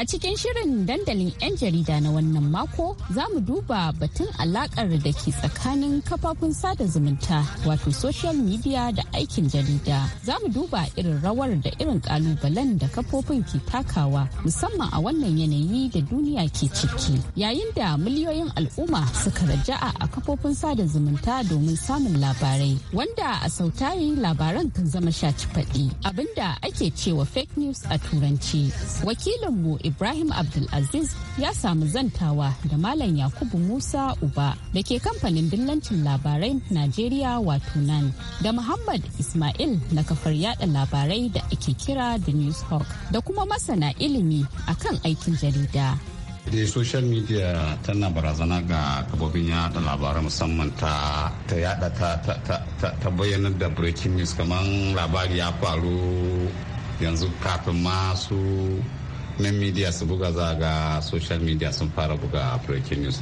A cikin shirin dandalin 'yan jarida na wannan mako za mu duba batun alakar da ke tsakanin kafafun sada zumunta wato social media da aikin jarida. Za mu duba irin rawar da irin kalubalen da kafofin ke takawa musamman a wannan yanayi da duniya ke ciki. Yayin da miliyoyin al'umma suka raja'a a kafofin sada zumunta domin samun labarai wanda a sautayi labaran kan zama shaci faɗi abinda ake cewa fake news a turanci. Wakilinmu Ibrahim Abdulaziz ya samu zantawa da Malam Yakubu Musa Uba da ke kamfanin dillancin labarai Najeriya wato nan da Muhammad Ismail na kafar yada labarai da ake kira da Newshawk da kuma masana ilimi akan aikin jarida. da social media tana barazana ga kabobin yada labarai musamman ta yada ta da breaking news kamar labari ya faru yanzu kafin masu na media su buga za ga social media sun fara buga breaking news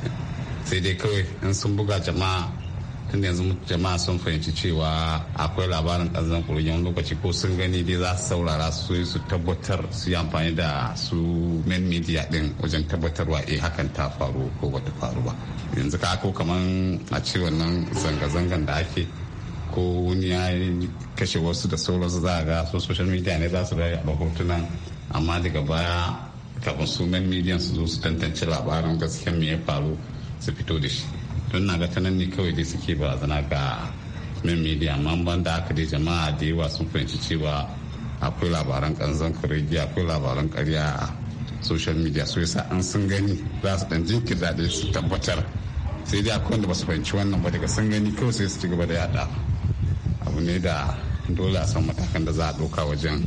sai dai kawai in sun buga jama'a tun yanzu jama'a sun fahimci cewa akwai labarin ƙazan kurgin lokaci ko sun gani dai za su saurara su su tabbatar su yi amfani da su main media din wajen tabbatarwa eh hakan ta faru ko bata faru ba yanzu ka ko kaman a ce wannan zanga-zangan da ake ko wani ya kashe wasu da sauransu za a ga su social media ne za su rayu a hotunan amma daga baya kafin sunan midiyan su zo su tantance labaran gaskiya me ya faru su fito da shi don na ga ta nan ne kawai dai suke ba zana ga min midiya amma ban da aka dai jama'a da yawa sun fahimci cewa akwai labaran kanzon kuregi akwai labaran karya a social media so yasa an sun gani za su dan jinkirta da su tabbatar sai dai akwai wanda ba su fahimci wannan ba daga sun gani kawai sai su ci gaba da yada abu ne da dole a san matakan da za a ɗauka wajen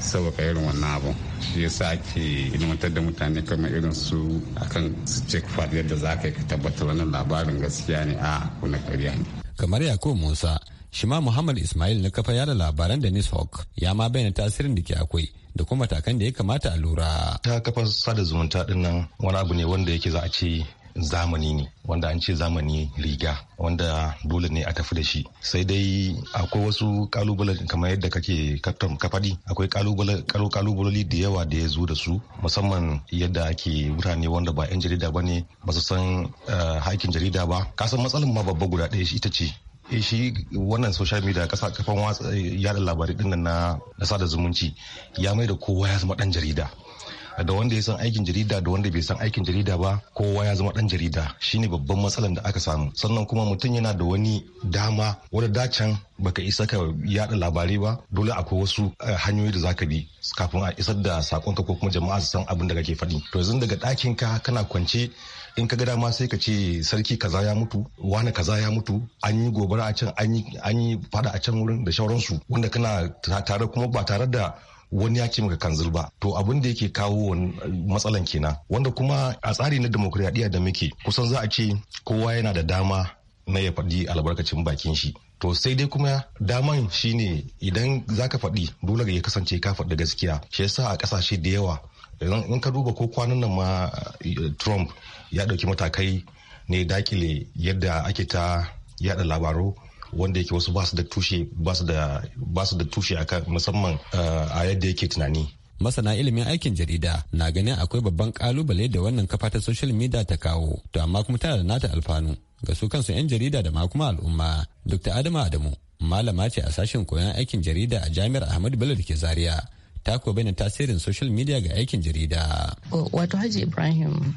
sauƙaƙa irin wannan abu shi yasa ake ilmantar da mutane kama irin su akan su check faɗi yadda za ka yi ka tabbatar wannan labarin gaskiya ne a kuna ƙarya ne kamar yakubu musa shi ma muhammad ismail na kafa yada labaran da hawk ya ma bayyana tasirin da ke akwai da kuma matakan da ya kamata a lura ta kafa sada zumunta din nan wani abu ne wanda yake za a ce zamani ne wanda an ce zamani riga wanda dole ne a tafi da shi sai dai akwai wasu kalubale kamar yadda kake kaftan kafadi akwai kalubale da yawa da ya zo da su musamman yadda ake mutane wanda ba 'yan jarida ba ne ba su san eh, haƙƙin jarida ba kasan matsalin ma babba guda ɗaya ita ce eh, shi wannan social media kasa kafan eh, yada labarai dinnan na sada zumunci ya mai da kowa ya zama dan jarida da wanda ya san aikin jarida da wanda bai san aikin jarida ba kowa ya zama dan jarida shine babban matsalar da aka samu sannan kuma mutum yana da wani dama wanda dacan baka isa ka yada labarai ba dole akwai wasu eh, hanyoyi da zaka bi kafin a isar da sakonka ko kuma jama'a su san abin da kake faɗi to yanzu daga ɗakin ka kana kwance in ka ga dama sai ka ce sarki kaza ya mutu wani kaza ya mutu an yi gobara a can an yi fada a can wurin da shauransu wanda kana tare kuma ba tare da wani ya ce maka kanzir ba to abin da yake kawo matsalan kenan wanda kuma a tsari na demokradiyya da muke kusan za a ce kowa yana da dama na ya faɗi albarkacin bakin shi to sai dai kuma daman shine idan zaka faɗi dole ya kasance ka faɗi gaskiya shi yasa a ƙasashe da yawa in ka duba ko kwanan nan ma eh, trump ya ɗauki matakai ne dakile yadda ake ta yada labaru wanda yake wasu basu da tushe basu da tushe a kan musamman eh, a yadda yake tunani masana ilimin aikin jarida na ganin akwai babban kalubale da wannan kafa ta social media ta kawo to amma kuma tana da nata alfanu ga su kansu 'yan jarida da ma kuma al'umma dr Adamu adamu malama ce a sashen koyon aikin jarida a jami'ar ahmadu bello da ke zaria ta kuwa bayyana tasirin social media ga aikin jarida. Wato Haji Ibrahim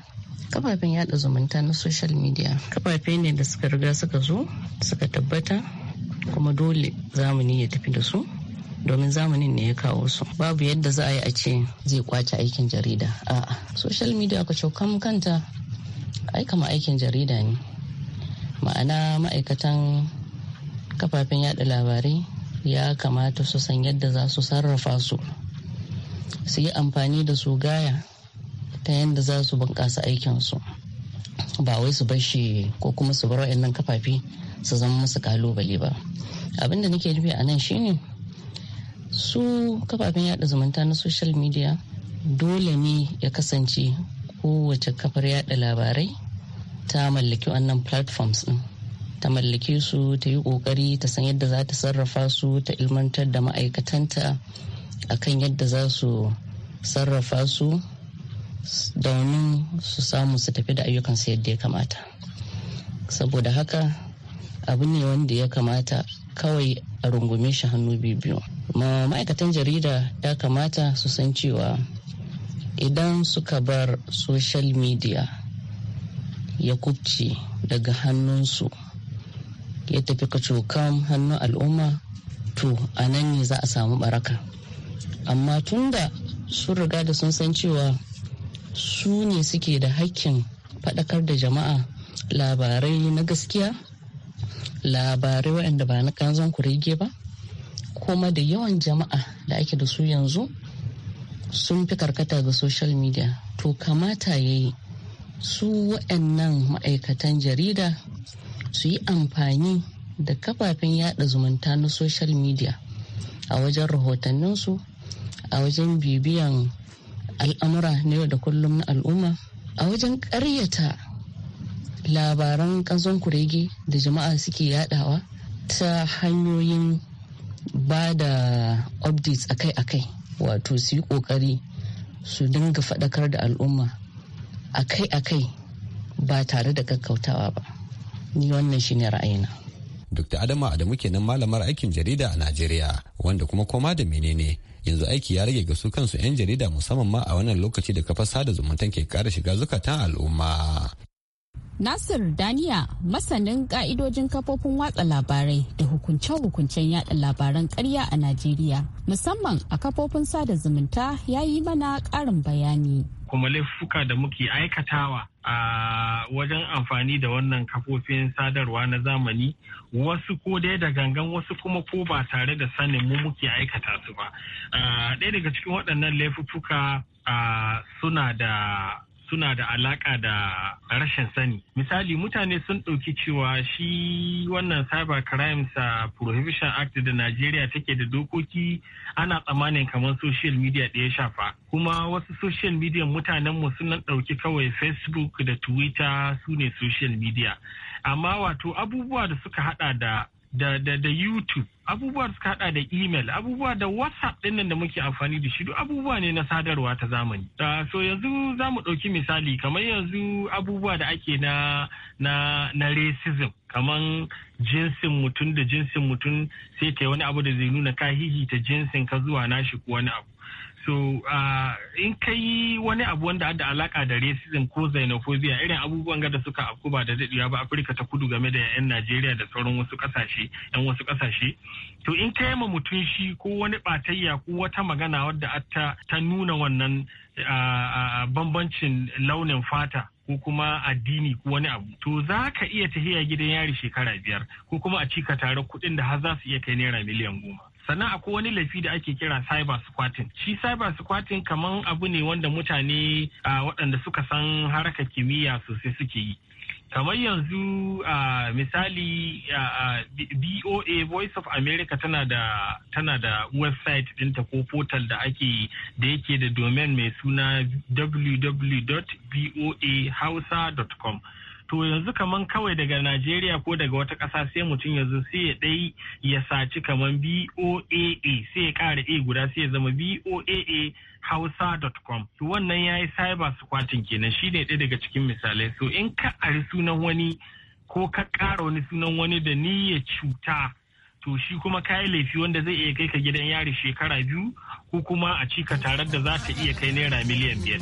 kafafen yada zumunta na social media kafafe ne da suka riga suka zo suka tabbata kuma dole zamani ya tafi da su domin zamanin ne ya kawo su babu yadda za a yi a ce zai kwace aikin jarida a'a social media ka cokam kanta ai kama aikin jarida ne ma'ana ma'aikatan kafafen yada labarai ya kamata su san yadda za su sarrafa su su yi amfani da su gaya ta yadda za su bunƙasa aikinsu ba wai su bashi ko kuma su bar wa'annan kafafi su zama musu kalubale ba abin da nake nufi a nan shine su kafafen yada zumunta na social media dole ne ya kasance kowace kafar yada labarai ta mallaki wannan platforms din ta mallake su ta yi kokari ta san yadda za ta sarrafa su ta ilmantar da ma'aikatanta akan yadda za su sarrafa su domin su samu su tafi da ayyukan ayyukansu yadda ya kamata saboda haka abu ne wanda ya kamata kawai a rungume shi hannu biyu ma'aikatan jarida ya kamata su san cewa idan suka bar social media ya kubce daga hannunsu ya tafi kacokan hannun al'umma to a nan ne za a samu baraka amma tunda sun riga da sun san cewa su ne suke da hakkin faɗakar da jama'a labarai na gaskiya labarai waɗanda ba na kanzon kurege ba kuma da yawan jama'a da ake da su yanzu sun fi karkata ga social media to kamata ya yi su waɗannan ma'aikatan jarida su yi amfani da kafafen yada zumunta na social media a wajen rahotanninsu a wajen bibiyan al'amura na yau da kullum na al'umma a wajen ƙaryata labaran ƙazon kurege da jama'a suke yadawa ta hanyoyin ba da updates akai-akai wato su yi ƙoƙari su dinga faɗakar da al'umma akai-akai ba tare da kakkautawa ba ni wannan shi ne ra'ayina dr adama adamu kenan malamar aikin jarida a najeriya wanda kuma koma da menene yanzu aiki ya rage ga su kansu 'yan jarida musamman ma a wannan lokaci da kafa sada zumuntan ke kara shiga zukatan al'umma Nasir Daniya masanin ka'idojin kafofin watsa labarai da hukunce-hukuncen yada labaran karya a Najeriya musamman a kafofin sada zumunta ya yi mana ƙarin bayani. Kuma laifuka da muke aikatawa a wajen amfani da wannan kafofin sadarwa na zamani wasu ko dai da gangan wasu kuma ko ba tare da sanin mu muke aikata su ba. Daya daga cikin waɗannan laifuka suna da suna da alaka da rashin sani. Misali mutane sun ɗauki cewa shi wannan cyber crimes uh, prohibition act da Najeriya take da dokoki ana tsamanin kamar social media da shafa. Kuma wasu social media mutanenmu sun ɗauki kawai Facebook da Twitter su ne social media. Amma wato abubuwa da suka hada da da, da, da YouTube, abubuwa suka hada da email, abubuwa da WhatsApp ɗin da muke amfani da shi duk abubuwa ne na sadarwa ta zamani. Uh, so yanzu za mu ɗauki misali kamar yanzu abubuwa da ake na, na, na racism, kamar jinsin mutum da jinsin mutum sai ta wani abu da zai nuna ka hihita jinsin ka zuwa nashi ko wani abu. so uh, in ka yi wani abu wanda da alaka da racism ko xenophobia irin abubuwan da suka afku ba da daɗewa ba afirka ta kudu game da 'yan najeriya da sauran wasu kasashe, 'yan wasu kasashe. to in ka yi ma mutum shi ko wani batayya ko wata magana wadda ta, ta nuna wannan uh, bambancin launin fata ko kuma addini ko wani abu to za ka iya tafiya gidan yari shekara biyar ko kuma a cika tare kuɗin da har za su iya kai naira miliyan goma sannan akwai wani laifi da ake kira cyber squatting shi cyber squatting kaman abu ne wanda mutane waɗanda suka san harkar kimiyya sosai suke yi kamar yanzu a misali BOA Voice of America tana da tana da website ɗinta ko portal da ake da yake da domain mai suna www.boahausa.com to yanzu kaman kawai daga Najeriya ko daga wata ƙasa sai mutum yanzu sai ya ɗai ya saci kaman BOAA sai ya ƙara A guda sai ya zama BOAA hausa.com to wannan ya yi cyber squatting kenan shi ne ɗaya daga cikin misalai so in ka ari sunan wani ko ka ƙara wani sunan wani da niyyar cuta to shi kuma ka yi laifi wanda zai iya kai ka gidan yari shekara biyu ko kuma a ci ka tare da za ta iya kai naira miliyan biyar.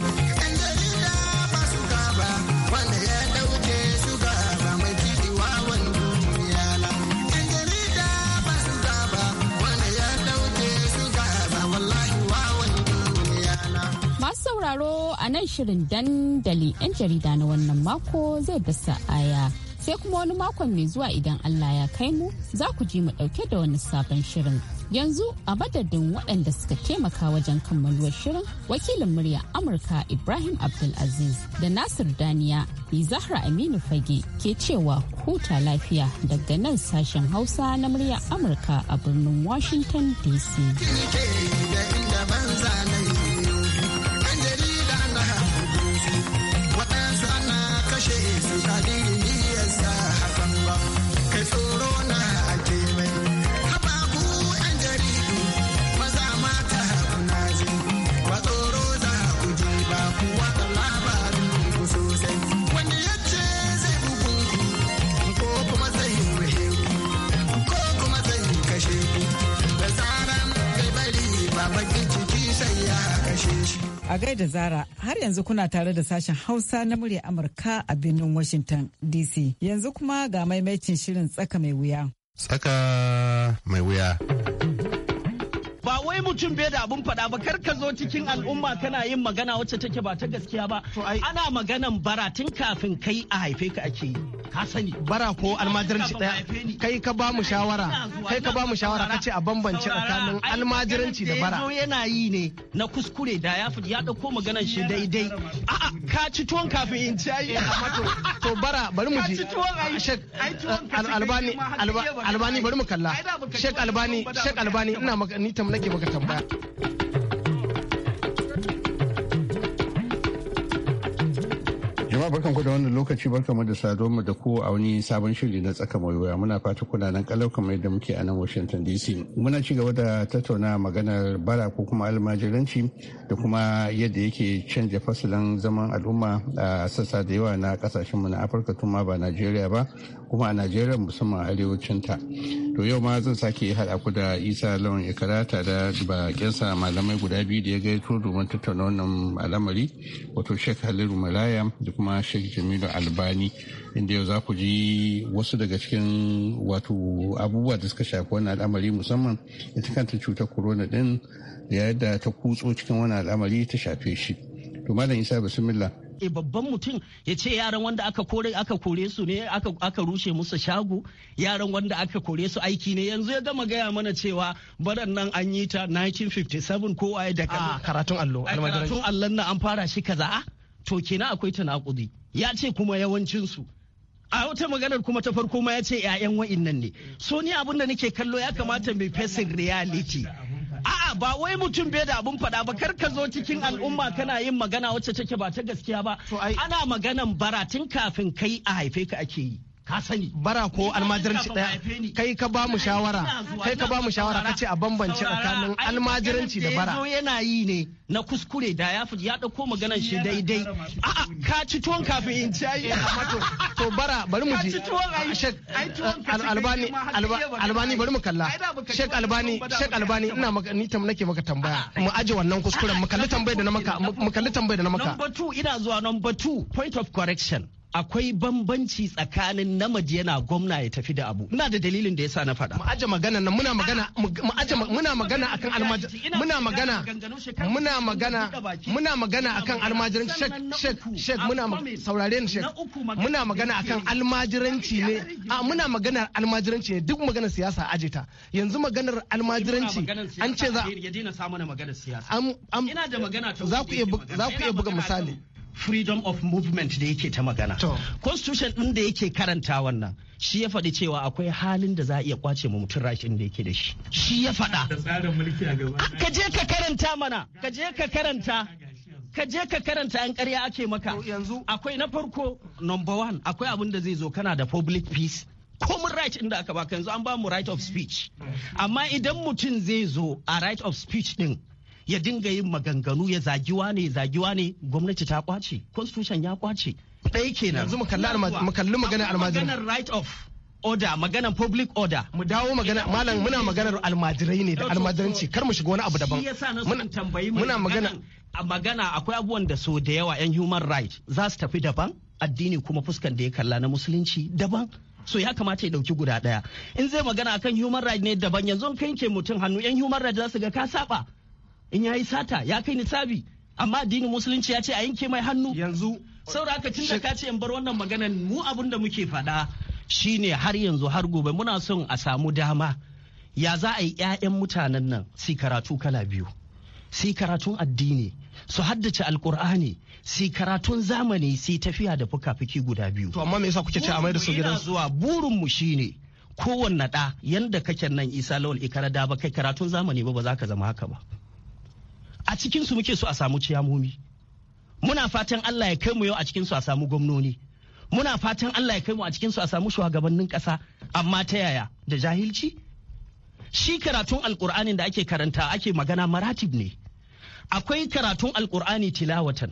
a nan shirin dandali 'yan jarida na wannan mako zai dasa aya. sai kuma wani makon mai zuwa idan Allah ya kai mu za ku ji mu ɗauke da wani sabon shirin. Yanzu a madadin waɗanda suka taimaka wajen kammaluwar shirin wakilin murya Amurka Ibrahim Abdulaziz da Nasir Daniya ni Zahra Aminu Fage ke cewa huta lafiya daga nan sashen Hausa na murya Amurka a birnin Washington DC. I need. it. A gaida Zara, har yanzu kuna tare da sashen Hausa na murya Amurka a birnin Washington DC. Yanzu kuma ga maimacin shirin tsaka mai wuya. Tsaka mai wuya. ba wai mutum bai da abun faɗa ba kar ka zo cikin al'umma kana yin magana wacce take ba ta gaskiya ba ana maganan bara tun kafin kai a haife ka ake yi ka sani bara ko almajiranci daya kai ka ba mu shawara kai ka ba mu shawara ka ce a bambance tsakanin almajiranci da bara yana yi ne na kuskure da ya ya dauko maganar shi daidai a'a ka ci tuwon kafin in ci ayi eh, to bara bari mu ji albani albani bari mu kalla shek albani shek albani ina maka ni nake maka tambaya jama'a barkan ku da wannan lokaci barkan mu da saduwar mu da ku a wani sabon shiri na tsaka mai wuya muna fata kuna nan kalau kamar yadda muke a nan Washington DC muna ci gaba da tattauna maganar bara ko kuma almajiranci da kuma yadda yake canja fasalan zaman al'umma a sassa da yawa na kasashen mu na Afirka tun ma ba Najeriya ba kuma a Najeriya musamman a arewacin ta to yau ma zan sake hada ku da Isa Lawan karata da bakinsa malamai guda biyu da ya gaito domin tattauna wannan al'amari wato Sheikh Halilu Malaya da kuma kuma Sheikh Jamilu Albani inda yau za ku ji wasu daga cikin wato abubuwa da suka shafi wannan al'amari musamman ita kanta cutar corona din da yadda ta kutso cikin wannan al'amari ta shafe shi. To Malam Isa bismillah. e babban mutum ya ce yaran wanda aka kore aka kore su ne aka rushe musu shago yaran wanda aka kore su aiki ne yanzu ya gama gaya mana cewa baran nan an yi ta 1957 kowa ya daga ah, karatun allo karatun allon na an fara shi kaza ah? to kenan akwai naƙudi. ya ce kuma yawancinsu a wata maganar kuma ta farko ma ya ce 'ya'yan nan ne so ni abin da nake kallo ya kamata mai fesin reality a'a ba wai mutum bai da abin faɗa ba kar ka zo cikin al'umma kana yin magana wacce take ba ta gaskiya ba ana maganan bara tun kafin kai a haife ka ake yi ka sani bara ko almajiranci daya kai ka ba mu shawara kai ka ba mu shawara ce a bambance tsakanin almajiranci da bara yana yi ne na kuskure da ya fi ya dauko maganar shi daidai a ka ci tuwon kafin in ci ayi eh, to bara bari mu ji shek albani albani bari mu kalla shek albani shek albani ina maka ni tam nake maka tambaya ah, mu aje wannan kuskuren mu kalli tambayar da na maka mu kalli tambayar da na maka number 2 ina zuwa number 2 point of correction akwai bambanci tsakanin namiji yana gwamna ya tafi da abu ina da dalilin da yasa na faɗa mu aje magana nan muna magana mu aje muna magana akan almajir muna magana muna magana muna magana akan almajiranci shek shek shek muna saurare ni shek muna magana akan almajiranci ne a muna magana almajiranci ne duk magana siyasa aje ta yanzu maganar almajiranci an ce za ya daina samu na maganar siyasa ina da magana ta za ku iya buga misali freedom of movement da yake ta magana constitution ɗin da yake karanta wannan shi ya faɗi cewa akwai halin da za a iya kwace ma mutum rashin da yake da shi shi ya faɗa ka je ka karanta mana ka je ka karanta ka je ka karanta an karya ake maka yanzu akwai na farko number one akwai abin da zai zo kana da public peace common right inda aka baka yanzu an ba mu right of speech amma idan mutum zai zo a right of speech ɗin. ya dinga yin maganganu ya zagiwa ne zagiwa ne gwamnati ta kwace constitution ya kwace ɗaya kenan yanzu mu kalli maganar almajirai maganar right of order maganar public order mu dawo magana malam muna maganar almajirai ne da almajiranci kar mu shiga wani abu daban muna tambayi muna magana a magana akwai abubuwan da so da yawa yan human right za su tafi daban addini kuma fuskan da ya kalla na musulunci daban so ya kamata ya dauki guda daya in zai magana akan human right ne daban yanzu kan ke mutum hannu yan human right za su ga ka saba in yayi sata ya kai nisabi amma addinin musulunci ya ce a yanke mai hannu yanzu saboda haka tunda ka ce in bar wannan maganan mu abin da muke faɗa shine har yanzu har gobe muna son a samu dama ya za a yi 'ya'yan mutanen nan si karatu kala biyu si karatun addini su haddace alkur'ani si karatun zamani si tafiya da fuka-fuki guda biyu to amma me yasa kuke ce a mai da su gidan zuwa burin mu shine kowanne da yanda kake nan Isa Lawal Ikara da ba kai karatun zamani ba ba za ka zama haka ba a cikin su muke so a samu ciyamomi muna fatan Allah ya kai mu yau a cikin a samu gwamnoni muna fatan Allah ya kai mu a cikin su a samu shugabannin kasa amma ta yaya da jahilci shi karatun alkur'anin da ake karanta ake magana maratib ne akwai karatun alkur'ani tilawatan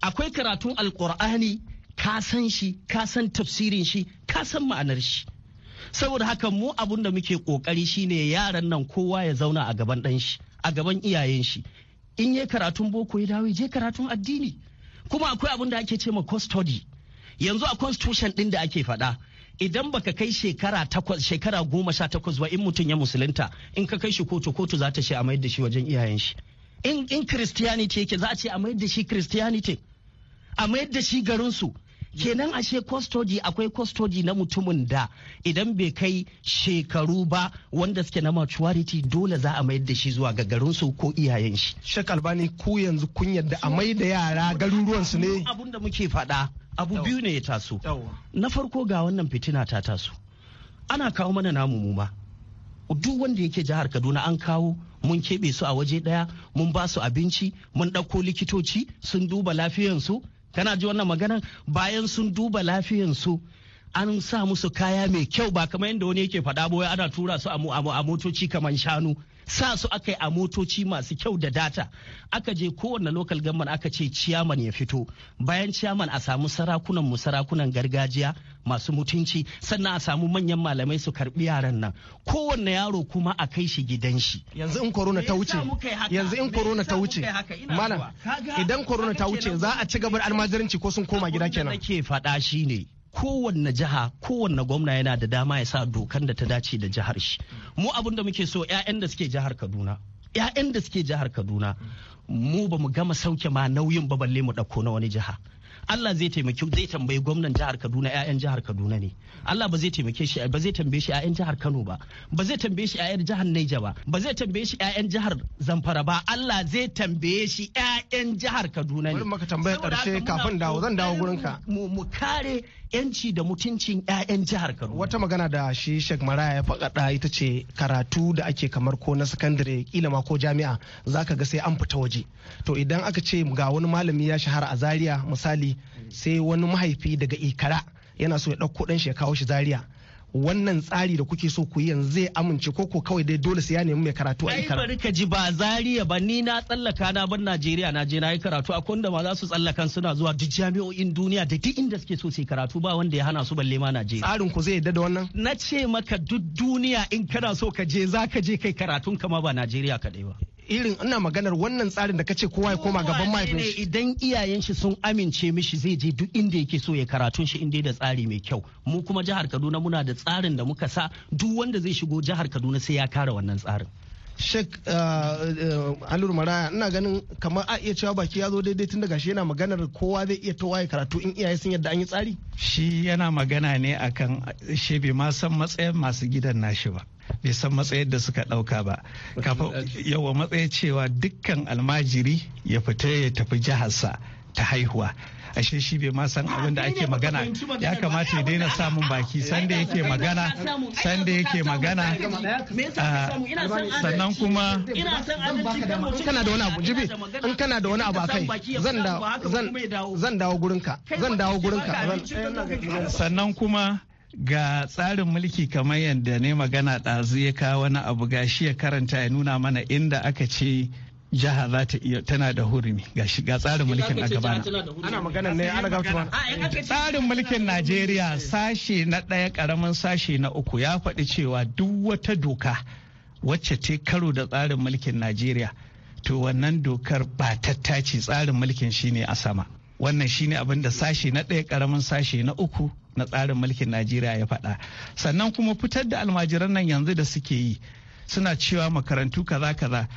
akwai karatun alkur'ani ka san shi ka san tafsirin shi ka san ma'anar shi saboda haka mu abun da muke kokari shine yaran nan kowa ya zauna a gaban dan shi a gaban iyayen shi in ya karatun boko ya dawo je karatun addini kuma akwai abin da ake ce ma custody yanzu a constitution din da ake faɗa idan baka kai shekara takwas shekara goma sha takwas ba in mutum ya musulunta in ka kai shi kotu kotu za ta ce a mayar da shi wajen iyayen shi in in christianity yake za a ce a mayar da shi christianity a mayar da shi garinsu. kenan ashe kwastoji akwai kwastoji na mutumin da idan bai kai shekaru ba wanda suke na maturity dole za a mayar da shi zuwa ga garinsu ko iyayen shi shek albani ku yanzu kun yadda a mai da yara garuruwansu ne abun da muke faɗa abu biyu ne ya taso na farko ga wannan fitina ta taso ana kawo mana namu mu ma duk wanda yake jihar kaduna an kawo mun keɓe su a waje ɗaya mun ba su abinci mun ɗauko likitoci sun duba lafiyansu kana ji wannan maganar bayan sun duba lafiyansu an sa musu kaya mai kyau ba kamar yadda wani yake faɗa boye ana tura su a motoci kamar shanu sa su aka yi a motoci masu kyau da data aka je kowane lokal government aka ce ciyaman ya fito bayan ciyaman a samu sarakunan mu sarakunan gargajiya masu mutunci sannan a samu manyan malamai su karbi yaran nan kowanne yaro kuma a kai shi gidan shi yanzu in corona ta wuce yanzu in corona ta wuce malam idan corona ta wuce za a ci gaba da almajiranci ko sun koma gida kenan nake faɗa shine kowanne jiha kowanne gwamna yana da dama ya sa dokan da ta dace da jihar shi mu abin da muke so 'ya'yan da suke jihar kaduna 'ya'yan da suke jihar kaduna mu ba mu gama sauke ma nauyin ba balle mu ɗauko na wani jiha Allah zai taimake zai tambayi gwamnan jihar Kaduna ƴaƴan jihar Kaduna ne Allah ba zai taimake shi ba zai tambaye shi ƴaƴan jihar Kano ba ba zai tambaye shi ƴaƴan jihar Niger ba ba zai tambaye shi ƴaƴan jihar Zamfara ba Allah zai tambaye shi ƴaƴan jihar Kaduna ne bari maka tambaya karshe kafin dawo zan dawo gurin ka mu kare yanci da mutuncin 'ya'yan jihar kano. Wata magana da shi Sheikh Maraya ya faɗaɗa ita ce karatu da ake kamar ko na sakandare kila ma ko jami'a zaka ga sai an fita waje. To idan aka ce ga wani malami ya shahara a Zaria misali sai wani mahaifi daga Ikara yana so ya ɗauko ɗan shi ya kawo shi Zaria wannan tsari da kuke so ku yanzu zai amince ko ko kawai dai dole sai ya nemi mai karatu a karatu. bari ka ji ba zariya ba ni na tsallaka na bar Najeriya na je na yi karatu a kunda ma za su tsallaka suna zuwa duk jami'o'in duniya da duk inda suke so su karatu ba wanda ya hana su balle ma Najeriya. Tsarin ku zai yadda wannan? Na ce maka duk duniya in kana so ka je za ka je kai karatun kama ba Najeriya kaɗai ba. irin ina maganar wannan tsarin da ka ce kowa ya koma gaban mahaifin shi idan iyayen shi sun amince mishi zai je duk inda yake so ya karatun shi inda da tsari mai kyau mu kuma jihar Kaduna muna da tsarin da muka sa duk wanda zai shigo jihar Kaduna sai ya kare wannan tsarin Sheikh uh, uh, Alur Maraya ina ganin kamar a iya cewa baki ya zo daidai tun daga shi yana maganar kowa zai iya towa ya karatu in iyaye sun yadda an yi tsari? Shi yana magana ne akan shi bai ma san matsayin masu gidan nashi ba. bai san matsayar da suka ɗauka ba yawa matsayar cewa dukkan almajiri ya fita ya tafi jiharsa ta haihuwa ashe shi bai ma san abin da ake magana ya kamata ya daina samun baki sanda yake magana sanda yake magana sannan kuma kana da wani abu jibi in kana da wani abu akai zan dawo gurinka zan dawo gurinka sannan kuma ga tsarin mulki kamar yadda ne magana ɗazu ya kawo wani abu gashi ya karanta ya nuna mana inda aka ce jiha za ta iya tana da hurumi ga tsarin mulkin a gabana. Ana magana ne ana Tsarin mulkin Najeriya sashe na ɗaya ƙaramin sashe na uku ya faɗi cewa duk wata doka wacce ta karo da tsarin mulkin Najeriya to wannan dokar ba tattaci tsarin mulkin shine a sama. wannan shine abin da sashe na ɗaya ƙaramin sashe na uku na tsarin mulkin najeriya ya faɗa sannan kuma fitar da almajiran nan yanzu da suke yi suna cewa makarantu kaza kaza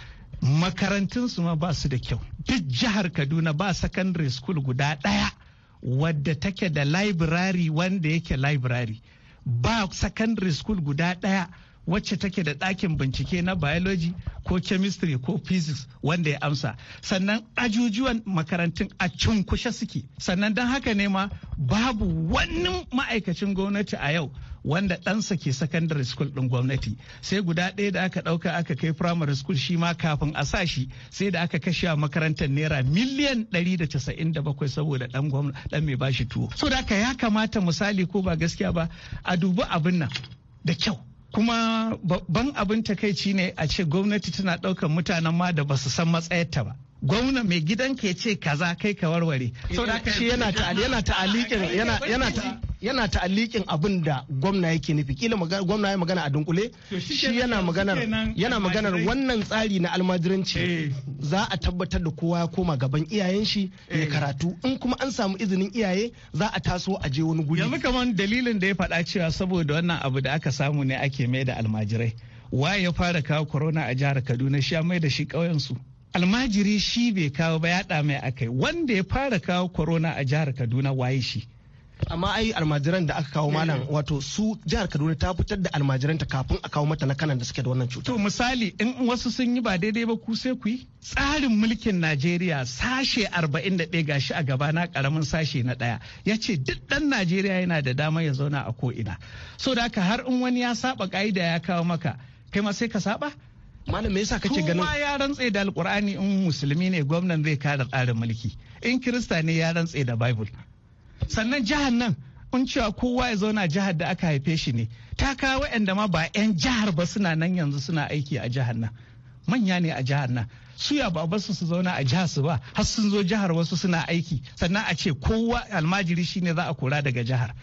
Makarantun su ma ba su da kyau duk jihar kaduna ba secondary school guda ɗaya wadda take da library wanda yake library ba secondary school guda ɗaya wacce take da ɗakin bincike na biology ko chemistry ko physics wanda ya amsa sannan ajujuwan makarantun a cunkushe suke sannan don haka ne ma babu wani ma'aikacin gwamnati a yau wanda ɗansa ke secondary school ɗin gwamnati sai guda ɗaya da aka ɗauka aka kai primary school shi ma kafin a sa shi sai da aka kashe a makarantar naira miliyan 197 saboda ɗan gwamnati mai bashi tuwo so da ya kamata misali ko ba gaskiya ba a dubi abin nan da kyau kuma babban abin takaici ne a ce gwamnati tana ɗaukar mutanen ma da basu san matsayarta ba gwamna mai gidanka ya ce kaza kai ka warware yana ta'alikin yana yana ta'allikin abin da gwamna yake nufi kila gwamna ya magana a dunkule shi yana maganar yana wannan tsari na almajiranci eh. za a tabbatar da kowa ya koma gaban iyayen shi ya eh. karatu in kuma an samu izinin iyaye za a taso a je wani guri yanzu kaman dalilin da ya faɗa cewa saboda wannan abu da aka samu ne ake mai da almajirai waye ya fara kawo corona a jihar Kaduna shi ya mai da shi ƙauyensu. almajiri shi bai kawo ba ya mai akai wanda ya fara kawo corona a jihar Kaduna waye shi amma ai almajiran da aka kawo malam eh. wato su jihar kaduna ta fitar da almajiranta kafin a kawo mata na kanan da suke da wannan cuta to misali in wasu sun yi ba daidai ba ku sai ku yi tsarin mulkin najeriya sashe 41 shi a gaba na karamin sashe na daya ya ce duk dan najeriya yana da dama ya zauna a ko'ina so da haka har in wani ya saba ka'ida ya kawo maka kai ma sai ka saba malam me yasa kake ganin kuma ya rantse da alkur'ani in musulmi ne gwamnan zai kada tsarin mulki in kirista ne ya rantse da bible sannan jihar nan in cewa kowa ya zauna jihar da aka haife shi ne ta kawo waɗanda ma ba 'yan jihar ba suna nan yanzu suna aiki a jihar nan manya ne a jihar nan suya ba basu su zauna a jihar su ba har sun zo jihar wasu suna aiki sannan a ce kowa almajiri shine za a kura daga jihar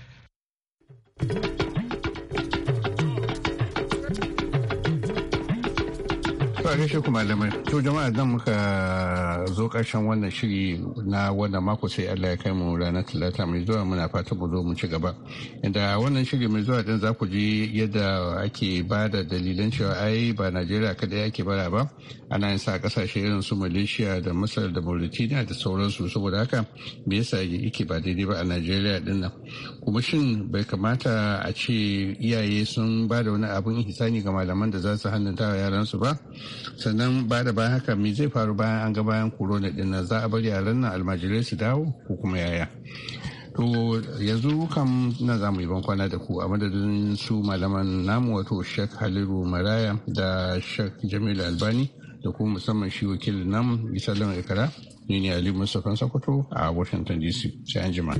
To gaishe kuma malamai. To jama'a zan muka zo karshen wannan shiri na wannan mako sai Allah ya kai mu ranar talata mai zuwa muna fata mu zo mu ci gaba. Inda wannan shiri mai zuwa din za ku ji yadda ake ba da dalilan cewa ai ba Najeriya kadai ake bara ba. Ana yin sa kasashe irin su Malaysia da Masar da Mauritania da sauransu saboda haka me yasa yake ba daidai ba a Najeriya din nan. Kuma shin bai kamata a ce iyaye sun ba da wani abin ihsani ga malaman da za su hannunta wa yaransu ba? sannan ba da bayan haka me zai faru bayan an ga bayan korona din nan za a bari yaran nan almajirai su dawo ko kuma yaya to yanzu kam na za mu yi bankwana da ku a madadin su malaman namu wato shek haliru maraya da shek jamilu albani da kuma musamman shi wakil namu isa ikara ni ne ali mustapha sokoto a washington dc sai an jima.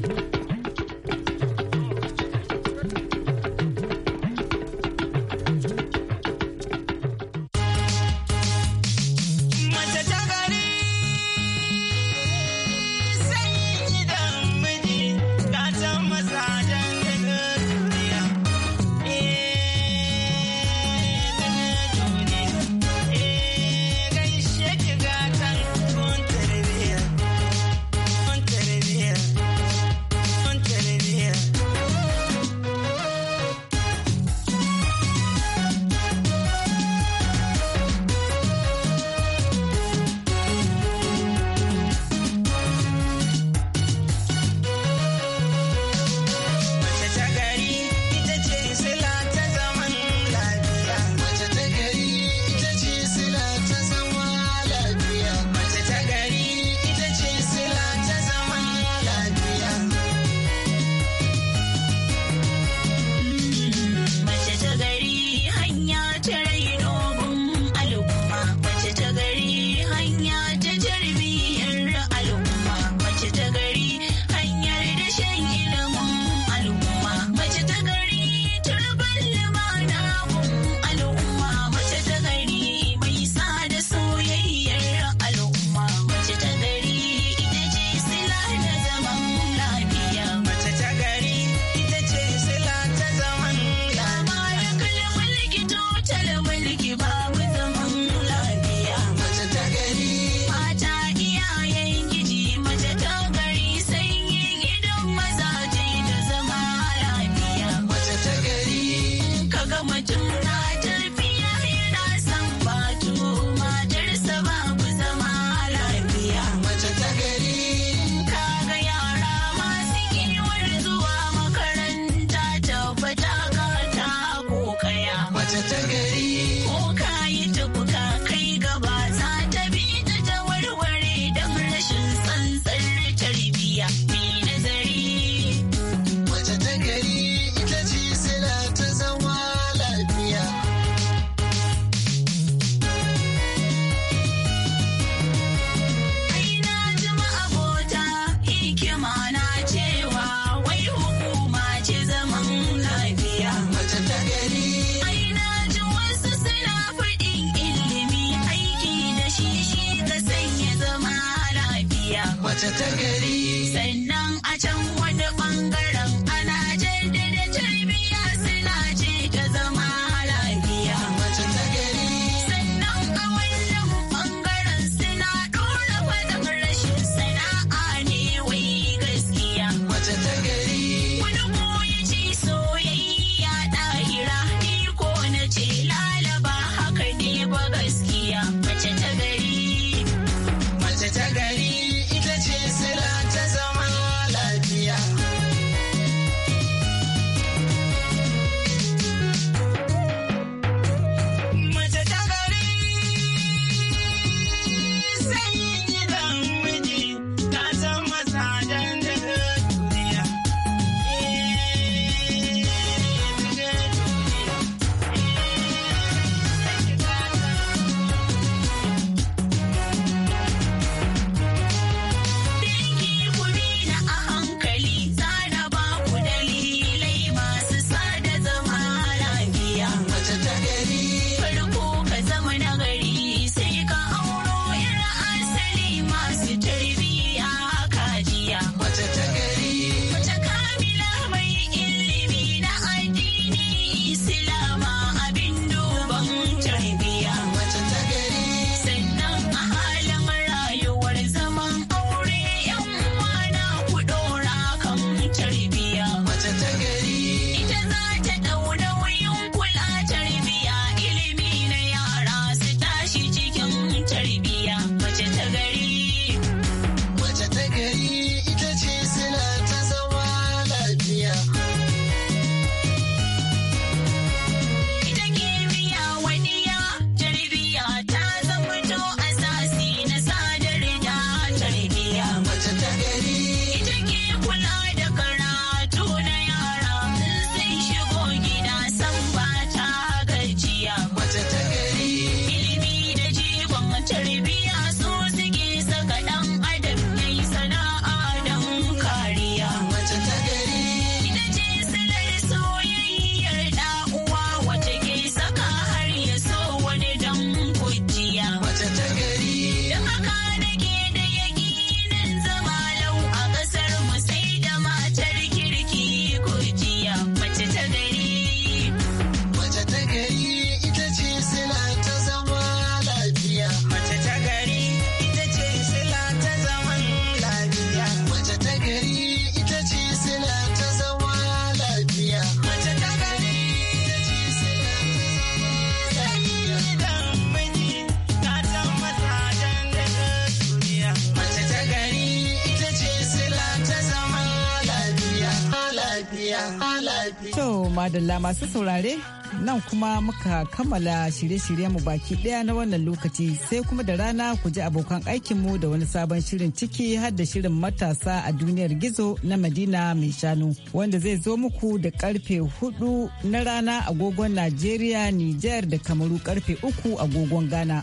To madalla masu saurare nan kuma muka kammala shirye-shiryen mu baki daya na wannan lokaci sai kuma da rana ku ji abokan aikinmu da wani sabon shirin ciki har da shirin matasa a duniyar gizo na madina mai shanu wanda zai zo muku da karfe hudu na rana agogon najeriya niger da kamaru karfe uku agogon ghana